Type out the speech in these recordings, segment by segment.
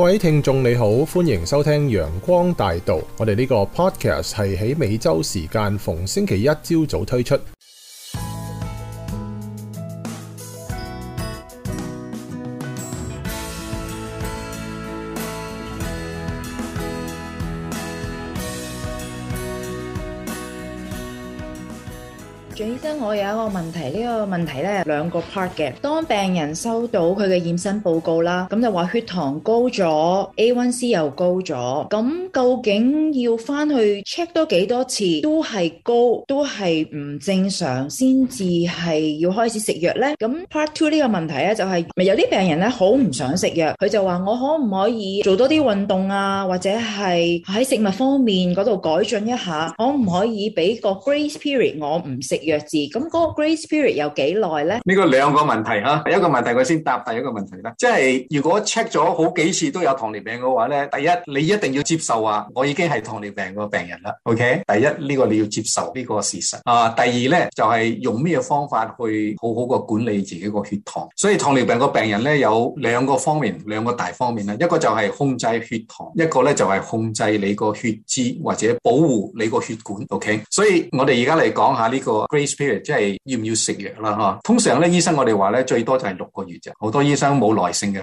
各位聽眾你好，歡迎收聽陽光大道。我哋呢個 podcast 係喺美洲時間逢星期一朝早推出。徐醫生，我有一個問題，呢個問題咧兩個 part 嘅。當病人收到佢嘅驗身報告啦，咁就話血糖高咗，A1C 又高咗，咁究竟要翻去 check 多幾多次都係高，都係唔正常，先至係要開始食藥咧？咁 part two 呢個問題咧，就係、是、咪有啲病人咧好唔想食藥，佢就話我可唔可以做多啲運動啊，或者係喺食物方面度改進一下，可唔可以俾個 grace period 我唔食藥？咁嗰個 Great Spirit 有幾耐呢？呢個兩個問題吓、啊，第一個問題佢先答，第一個問題啦，即係如果 check 咗好幾次都有糖尿病嘅話咧，第一你一定要接受啊，我已經係糖尿病個病人啦，OK？第一呢、這個你要接受呢、這個事實啊。第二呢，就係、是、用咩方法去好好個管理自己個血糖。所以糖尿病個病人呢，有兩個方面，兩個大方面啦，一個就係控制血糖，一個呢就係、是、控制你個血脂或者保護你個血管。OK？所以我哋而家嚟講下呢、這個即係要唔要食藥啦？通常咧，醫生我哋話咧，最多就係六個月啫。好多醫生冇耐性嘅。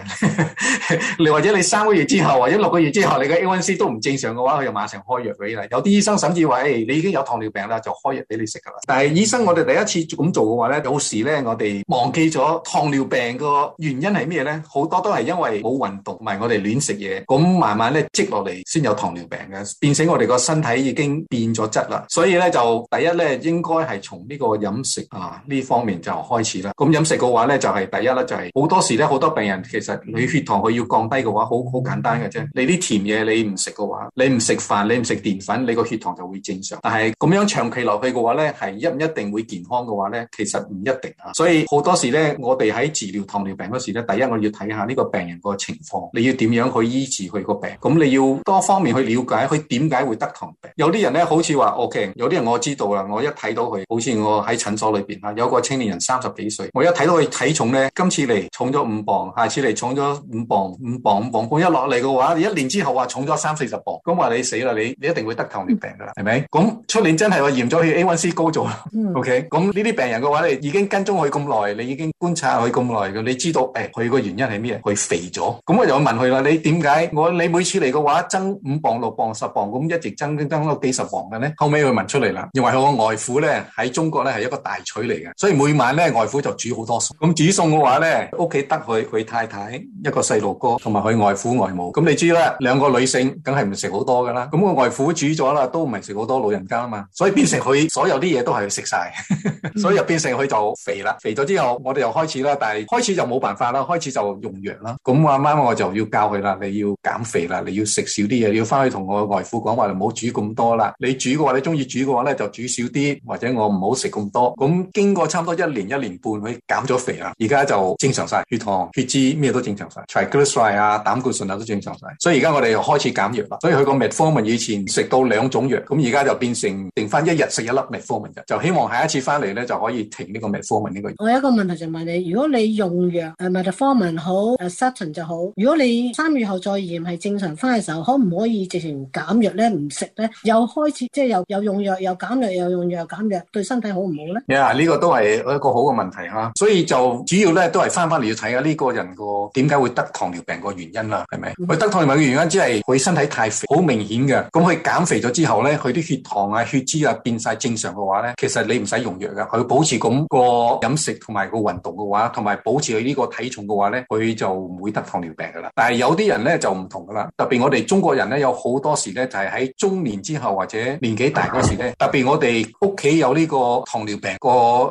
你或者你三個月之後，或者六個月之後，你嘅 A1C 都唔正常嘅話，佢就馬上開藥俾你。有啲醫生甚至話、哎：，你已經有糖尿病啦，就開藥俾你食噶啦。但係醫生我哋第一次咁做嘅話咧，到時咧我哋忘記咗糖尿病個原因係咩咧？好多都係因為冇運動，埋我哋亂食嘢，咁慢慢咧積落嚟，先有糖尿病嘅，變成我哋個身體已經變咗質啦。所以咧就第一咧，應該係從呢個飲食啊，呢方面就開始啦。咁飲食嘅話呢，就係、是、第一啦，就係、是、好多時呢，好多病人其實你血糖佢要降低嘅話，好好簡單嘅啫。你啲甜嘢你唔食嘅話，你唔食飯，你唔食澱粉，你個血糖就會正常。但係咁樣長期落去嘅話呢，係一唔一定會健康嘅話呢，其實唔一定啊。所以好多時呢，我哋喺治療糖尿病嗰時呢，第一我要睇下呢個病人個情況，你要點樣去醫治佢個病。咁你要多方面去了解佢點解會得糖尿病。有啲人呢，好似話 OK，有啲人我知道啦，我一睇到佢好似。我喺診所裏邊吓，有個青年人三十幾歲，我一睇到佢體重咧，今次嚟重咗五磅，下次嚟重咗五磅、五磅、五磅，咁一落嚟嘅話，一年之後話重咗三四十磅，咁話你死啦，你你一定會得糖尿病㗎啦，係咪？咁出年真係話驗咗去 A1C 高咗，嗯，OK，咁呢啲病人嘅話你已經跟蹤佢咁耐，你已經觀察佢咁耐嘅，你知道誒佢個原因係咩？佢肥咗，咁我就問佢啦，你點解我你每次嚟嘅話增五磅、六磅、十磅，咁一直增增增到幾十磅嘅咧？後尾佢問出嚟啦，因為佢個外父咧喺。中國咧係一個大廚嚟嘅，所以每晚咧外父就煮好多餸。咁煮餸嘅話咧，屋企得佢佢太太一個細路哥同埋佢外父外母。咁你知啦，兩個女性梗係唔食好多噶啦。咁個外父煮咗啦，都唔係食好多老人家啊嘛。所以變成佢所有啲嘢都係食晒，所以變成佢就肥啦。肥咗之後，我哋又開始啦，但係開始就冇辦法啦，開始就用藥啦。咁慢慢我就要教佢啦，你要減肥啦，你要食少啲嘢，你要翻去同我外父講話，你唔好煮咁多啦。你煮嘅話，你中意煮嘅話咧，就煮少啲，或者我唔好。冇食咁多，咁經過差唔多一年一年半去減咗肥啦，而家就正常晒，血糖、血脂咩都正常晒，triglyceride 啊、膽固醇啊都正常晒，所以而家我哋又開始減藥啦。所以佢個 metformin 以前食到兩種藥，咁而家就變成定翻一日食一粒 metformin 就，希望下一次翻嚟咧就可以停呢個 metformin 呢個藥。我有一個問題就問你，如果你用藥誒、啊、metformin 好誒、啊、sartan 就好，如果你三月後再驗係正常翻嘅時候，可唔可以直情減藥咧？唔食咧？又開始即係又又用藥又減藥又用藥又減藥，對身？身體好唔好咧？呀，呢個都係一個好嘅問題吓，所以就主要咧都係翻翻嚟，要睇下呢個人個點解會得糖尿病個原因啦，係咪？佢、mm hmm. 得糖尿病嘅原因只係佢身體太肥，好明顯嘅。咁佢減肥咗之後咧，佢啲血糖啊、血脂啊變晒正常嘅話咧，其實你唔使用藥噶，佢保持咁個飲食同埋個運動嘅話，同埋保持佢呢個體重嘅話咧，佢就唔會得糖尿病噶啦。但係有啲人咧就唔同噶啦，特別我哋中國人咧有好多時咧就係、是、喺中年之後或者年紀大嗰時咧，啊、特別我哋屋企有呢、這個。個糖尿病個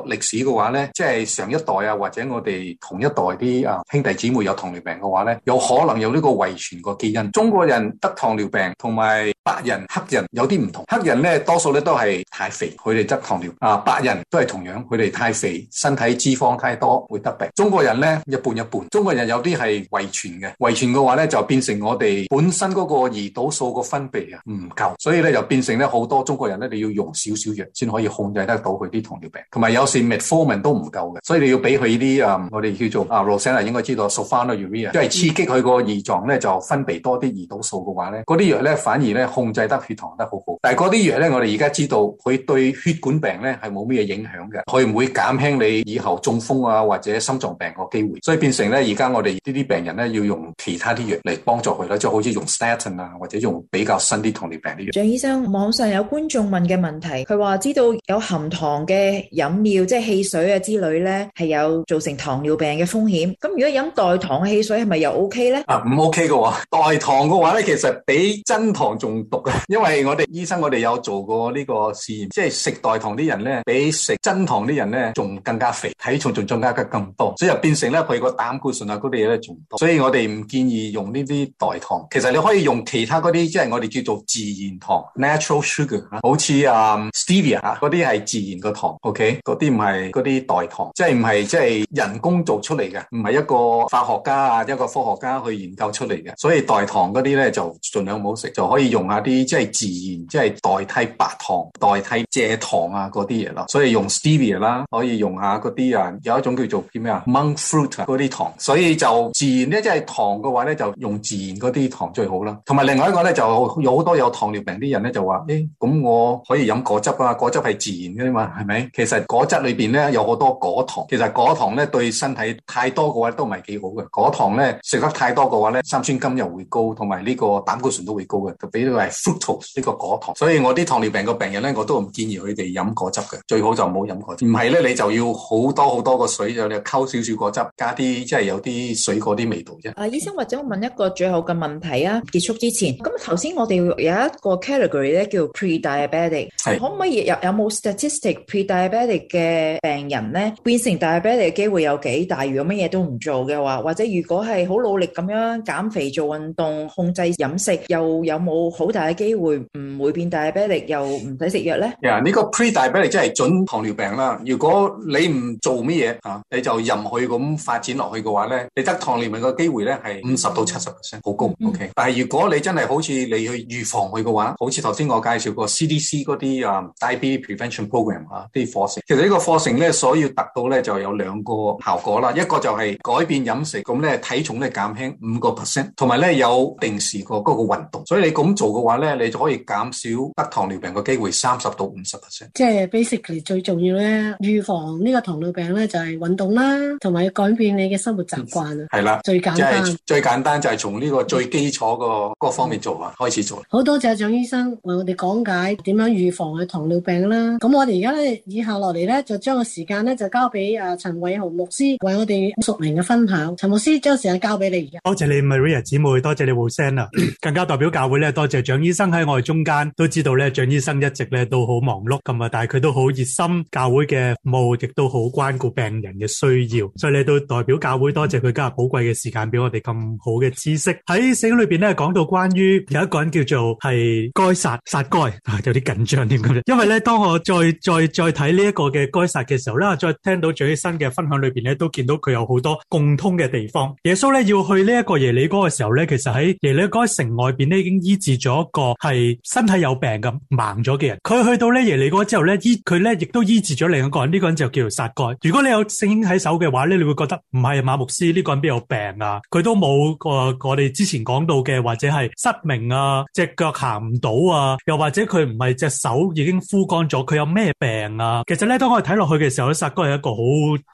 歷史嘅話呢，即係上一代啊，或者我哋同一代啲啊兄弟姊妹有糖尿病嘅話呢，有可能有呢個遺傳個基因。中國人得糖尿病同埋白人黑人有啲唔同，黑人呢，多數呢都係太肥，佢哋得糖尿啊，白人都係同樣，佢哋太肥，身體脂肪太多會得病。中國人呢，一半一半，中國人有啲係遺傳嘅，遺傳嘅話呢，就變成我哋本身嗰個胰島素個分泌啊唔夠，所以呢，就變成呢好多中國人呢，你要用少少藥先可以控制得。到佢啲糖尿病，同埋 有，有時 metformin 都唔夠嘅，所以你要俾佢啲誒，我哋叫做啊，羅生啊，應該知道 s u l f o n y l u r e 即係刺激佢個胰臟咧就分泌多啲胰島素嘅話咧，嗰啲藥咧反而咧控制得血糖得好好。但係嗰啲藥咧，我哋而家知道佢對血管病咧係冇咩影響嘅，佢唔會減輕你以後中風啊或者心臟病個機會。所以變成咧，而家我哋呢啲病人咧要用其他啲藥嚟幫助佢啦，即係好似用 statin 啊或者用比較新啲糖尿病啲藥。張醫生，網上有觀眾問嘅問題，佢話知道有含糖嘅飲料，即係汽水啊之類咧，係有造成糖尿病嘅風險。咁如果飲代糖汽水係咪又 O K 咧？啊，唔 O K 嘅喎，代糖嘅話咧，其實比真糖仲毒嘅。 因為我哋醫生，我哋有做過呢個試驗，即係食代糖啲人咧，比食真糖啲人咧，仲更加肥，體重仲增加得更多，所以就變成咧佢個膽固醇啊嗰啲嘢咧仲多。所以我哋唔建議用呢啲代糖。其實你可以用其他嗰啲，即係我哋叫做自然糖 （natural sugar） 啊，好似啊 stevia 嗰啲係。Um, 自然嘅糖，OK，嗰啲唔係嗰啲代糖，即係唔係即係人工做出嚟嘅，唔係一個化學家啊，一個科學家去研究出嚟嘅。所以代糖嗰啲咧就盡量唔好食，就可以用下啲即係自然，即係代替白糖、代替蔗糖啊嗰啲嘢咯。所以用 stevia 啦，可以用下嗰啲啊，有一種叫做叫咩啊，monk fruit 嗰啲糖。所以就自然咧，即係糖嘅話咧，就用自然嗰啲糖最好啦。同埋另外一個咧，就有好多有糖尿病啲人咧就話，誒、欸，咁我可以飲果汁啊，果汁係自然嘅。係咪？其實果汁裏邊咧，有好多果糖，其實果糖咧，對身體太多嘅話都唔係幾好嘅。果糖咧食得太多嘅話咧，三酸甘油會高，同埋呢個膽固醇都會高嘅。就比如係 fructose 呢個果糖，所以我啲糖尿病嘅病人咧，我都唔建議佢哋飲果汁嘅，最好就唔好飲果汁。唔係咧，你就要好多好多嘅水，就你溝少少果汁，加啲即係有啲水果啲味道啫。啊，醫生，或者我問一個最後嘅問題啊，結束之前。咁頭先我哋有一個 category 咧叫 pre-diabetic，是可唔可以有有冇 pre-diabetic 嘅病人咧，變成 b 糖尿病嘅機會有幾大？如果乜嘢都唔做嘅話，或者如果係好努力咁樣減肥、做運動、控制飲食，又有冇好大嘅機會唔會變糖尿病，又唔使食藥咧？呢個 pre-diabetic 真係準糖尿病啦。如果你唔做乜嘢啊，你就任佢咁發展落去嘅話咧，你得糖尿病嘅機會咧係五十到七十 percent，好高。O K，但係如果你真係好似你去預防佢嘅話，好似頭先我介紹過 C D C 嗰啲啊 diabetes prevention program 啲課程，其實個課呢個課程咧，所以要達到咧就有兩個效果啦。一個就係改變飲食，咁咧體重咧減輕五個 percent，同埋咧有定時個嗰個運動。所以你咁做嘅話咧，你就可以減少得糖尿病嘅機會三十到五十 percent。即係 basically 最重要咧，預防呢個糖尿病咧就係、是、運動啦，同埋要改變你嘅生活習慣啊。係啦、嗯，最簡單，最簡單就係從呢個最基礎個個方面做啊，的開始做。好多謝張醫生為我哋講解點樣預防嘅糖尿病啦。咁我哋。而家咧，以下落嚟咧，就將個時間咧，就交俾阿陳偉雄牧師為我哋熟明嘅分享。陳牧師將時間交俾你。而家，多謝你 Maria 姊妹，多謝你 Wilson 啊，更加代表教會咧，多謝蔣醫生喺我哋中間都知道咧，蔣醫生一直咧都好忙碌咁啊，但係佢都好熱心教會嘅務，亦都好關顧病人嘅需要。所以你都代表教會，多謝佢今日寶貴嘅時間，俾我哋咁好嘅知識喺聖經裏邊咧，講到關於有一個人叫做係該殺殺該，有啲緊張點解？因為咧，當我再再再睇呢一個嘅撒該嘅時候咧，再聽到最新嘅分享裏邊咧，都見到佢有好多共通嘅地方。耶穌咧要去呢一個耶利哥嘅時候咧，其實喺耶利哥城外邊咧已經醫治咗一個係身體有病嘅盲咗嘅人。佢去到咧耶利哥之後咧醫佢咧，亦都醫治咗另一個人。呢、這個人就叫做撒該。如果你有聖經喺手嘅話咧，你會覺得唔係馬牧師呢、這個人邊有病啊？佢都冇個、呃、我哋之前講到嘅或者係失明啊、隻腳行唔到啊，又或者佢唔係隻手已經枯乾咗，佢有咩？病啊，其實咧，當我哋睇落去嘅時候咧，撒哥係一個好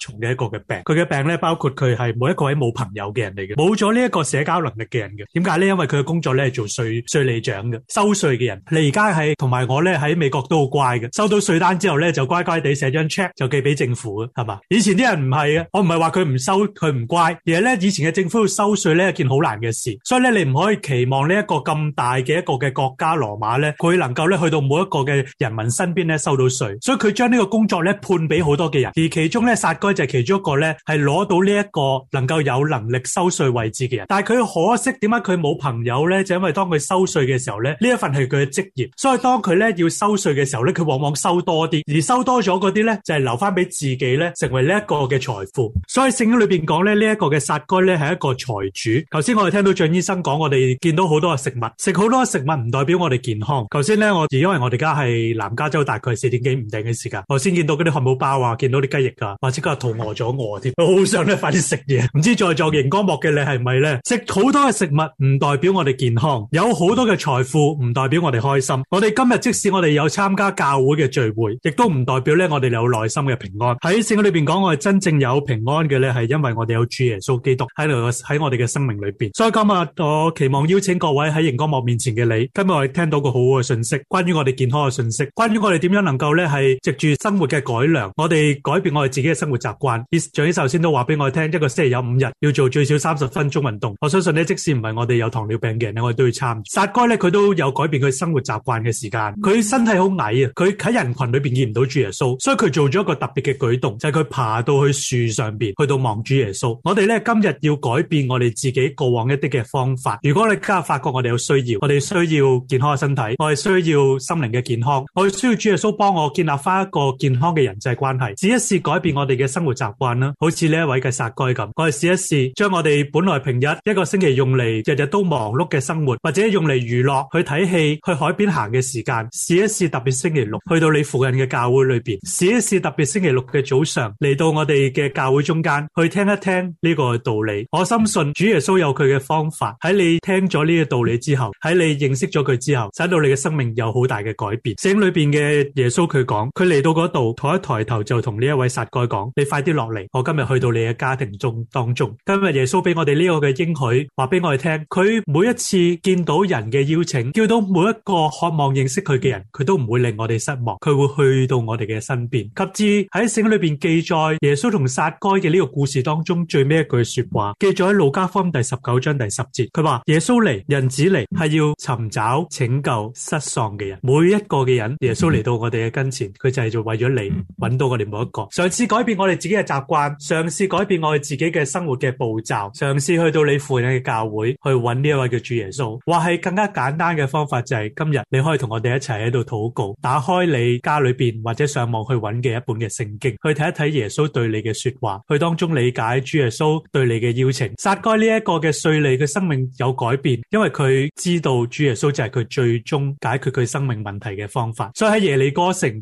重嘅一個嘅病。佢嘅病咧，包括佢係每一個喺冇朋友嘅人嚟嘅，冇咗呢一個社交能力嘅人嘅。點解咧？因為佢嘅工作咧係做稅稅吏長嘅，收稅嘅人。你而家係同埋我咧喺美國都好乖嘅，收到稅單之後咧就乖乖地寫張 check 就寄俾政府嘅，係嘛？以前啲人唔係嘅，我唔係話佢唔收佢唔乖，而係咧以前嘅政府要收稅咧係件好難嘅事，所以咧你唔可以期望呢一個咁大嘅一個嘅國家羅馬咧，佢能夠咧去到每一個嘅人民身邊咧收到稅。所以佢將呢個工作咧判俾好多嘅人，而其中咧撒該就係其中一個咧係攞到呢一個能夠有能力收稅位置嘅人。但係佢可惜點解佢冇朋友咧？就因為當佢收稅嘅時候咧，呢一份係佢嘅職業。所以當佢咧要收稅嘅時候咧，佢往往收多啲，而收多咗嗰啲咧就係留翻俾自己咧成為呢一個嘅財富。所以聖經裏邊講咧呢一個嘅撒該咧係一個財主。頭先我哋聽到張醫生講，我哋見到好多嘅食物，食好多嘅食物唔代表我哋健康。頭先咧我而因為我哋而家係南加州，大概四點幾。唔定嘅時間，我先見到嗰啲漢堡包啊，見到啲雞翼噶，或者今日肚餓咗餓添，好想咧快啲食嘢。唔知在座熒光幕嘅你係咪咧食好多嘅食物，唔代表我哋健康，有好多嘅財富唔代表我哋開心。我哋今日即使我哋有參加教會嘅聚會，亦都唔代表咧我哋有內心嘅平安。喺聖經裏邊講，我哋真正有平安嘅咧，係因為我哋有主耶穌基督喺度嘅，喺我哋嘅生命裏邊。所以今日我期望邀請各位喺熒光幕面前嘅你，今日我哋聽到個好好嘅信息，關於我哋健康嘅信息，關於我哋點樣能夠咧。係藉住生活嘅改良，我哋改變我哋自己嘅生活習慣。像啲頭先都話俾我聽，一個星期有五日要做最少三十分鐘運動。我相信咧，即使唔係我哋有糖尿病嘅人咧，我哋都要參。撒該咧，佢都有改變佢生活習慣嘅時間。佢身體好矮啊，佢喺人群裏邊見唔到主耶穌，所以佢做咗一個特別嘅舉動，就係佢爬到去樹上邊，去到望主耶穌。我哋咧今日要改變我哋自己過往一啲嘅方法。如果你家下發覺我哋有需要，我哋需要健康嘅身體，我哋需要心靈嘅健康，我哋需要主耶穌幫我。建立翻一個健康嘅人際關係，試一試改變我哋嘅生活習慣啦。好似呢一位嘅撒該咁，我哋試一試將我哋本來平日一個星期用嚟日日都忙碌嘅生活，或者用嚟娛樂去睇戲、去海邊行嘅時間，試一試特別星期六去到你附近嘅教會裏邊，試一試特別星期六嘅早上嚟到我哋嘅教會中間去聽一聽呢個道理。我深信主耶穌有佢嘅方法，喺你聽咗呢個道理之後，喺你認識咗佢之後，使到你嘅生命有好大嘅改變。聖經裏邊嘅耶穌佢。講佢嚟到嗰度，抬一抬頭，就同呢一位撒該講：你快啲落嚟，我今日去到你嘅家庭中當中。今日耶穌俾我哋呢個嘅應許話俾我哋聽，佢每一次見到人嘅邀請，叫到每一個渴望認識佢嘅人，佢都唔會令我哋失望，佢會去到我哋嘅身邊。及至喺聖經裏邊記載耶穌同撒該嘅呢個故事當中最尾一句說話，記載喺路加福音第十九章第十節，佢話：耶穌嚟，人子嚟，係要尋找拯救失喪嘅人，每一個嘅人，耶穌嚟到我哋嘅跟。佢就係做為咗你揾到我哋，冇一個嘗試改變我哋自己嘅習慣，嘗試改變我哋自己嘅生活嘅步驟，嘗試去到你附近嘅教會去揾呢一位叫主耶穌，或係更加簡單嘅方法就係今日你可以同我哋一齊喺度禱告，打開你家裏邊或者上網去揾嘅一本嘅聖經，去睇一睇耶穌對你嘅說話，去當中理解主耶穌對你嘅邀請。撒該呢一個嘅稅吏，佢嘅生命有改變，因為佢知道主耶穌就係佢最終解決佢生命問題嘅方法，所以喺耶利哥城。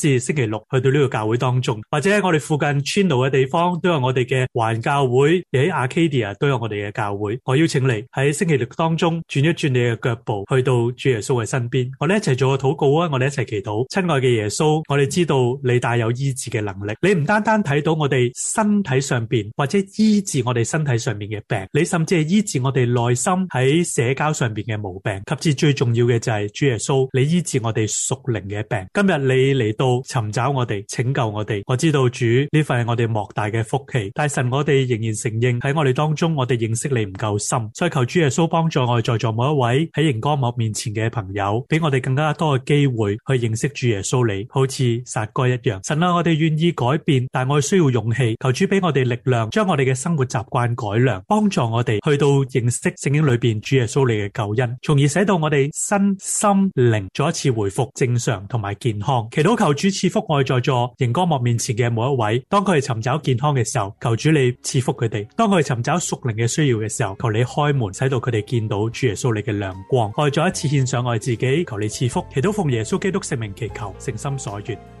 至星期六去到呢個教會當中，或者我哋附近村路嘅地方，都有我哋嘅環教會，亦喺 Arcadia 都有我哋嘅教會。我邀請你喺星期六當中轉一轉你嘅腳步，去到主耶穌嘅身邊。我哋一齊做個禱告啊！我哋一齊祈禱，親愛嘅耶穌，我哋知道你大有醫治嘅能力。你唔單單睇到我哋身體上邊或者醫治我哋身體上邊嘅病，你甚至係醫治我哋內心喺社交上邊嘅毛病。及至最重要嘅就係主耶穌，你醫治我哋屬靈嘅病。今日你嚟到。尋找我哋，拯救我哋，我知道主，呢份係我哋莫大嘅福氣，但係神，我哋仍然承認喺我哋當中，我哋認識你唔夠深，所以求主耶穌幫助我哋在座每一位喺熒光幕面前嘅朋友，俾我哋更加多嘅機會去認識主耶穌你，好似撒該一樣。神啊，我哋願意改變，但係我哋需要勇氣，求主俾我哋力量，將我哋嘅生活習慣改良，幫助我哋去到認識聖經裏邊主耶穌你嘅救恩，從而使到我哋身心靈再一次回復正常同埋健康。祈禱求主。主賜福我哋在座、熒光幕面前嘅每一位。當佢哋尋找健康嘅時候，求主你賜福佢哋。當佢哋尋找屬靈嘅需要嘅時候，求你開門，使到佢哋見到主耶穌你嘅亮光。我哋再一次獻上我哋自己，求你賜福。祈禱奉耶穌基督聖名祈求，誠心所願。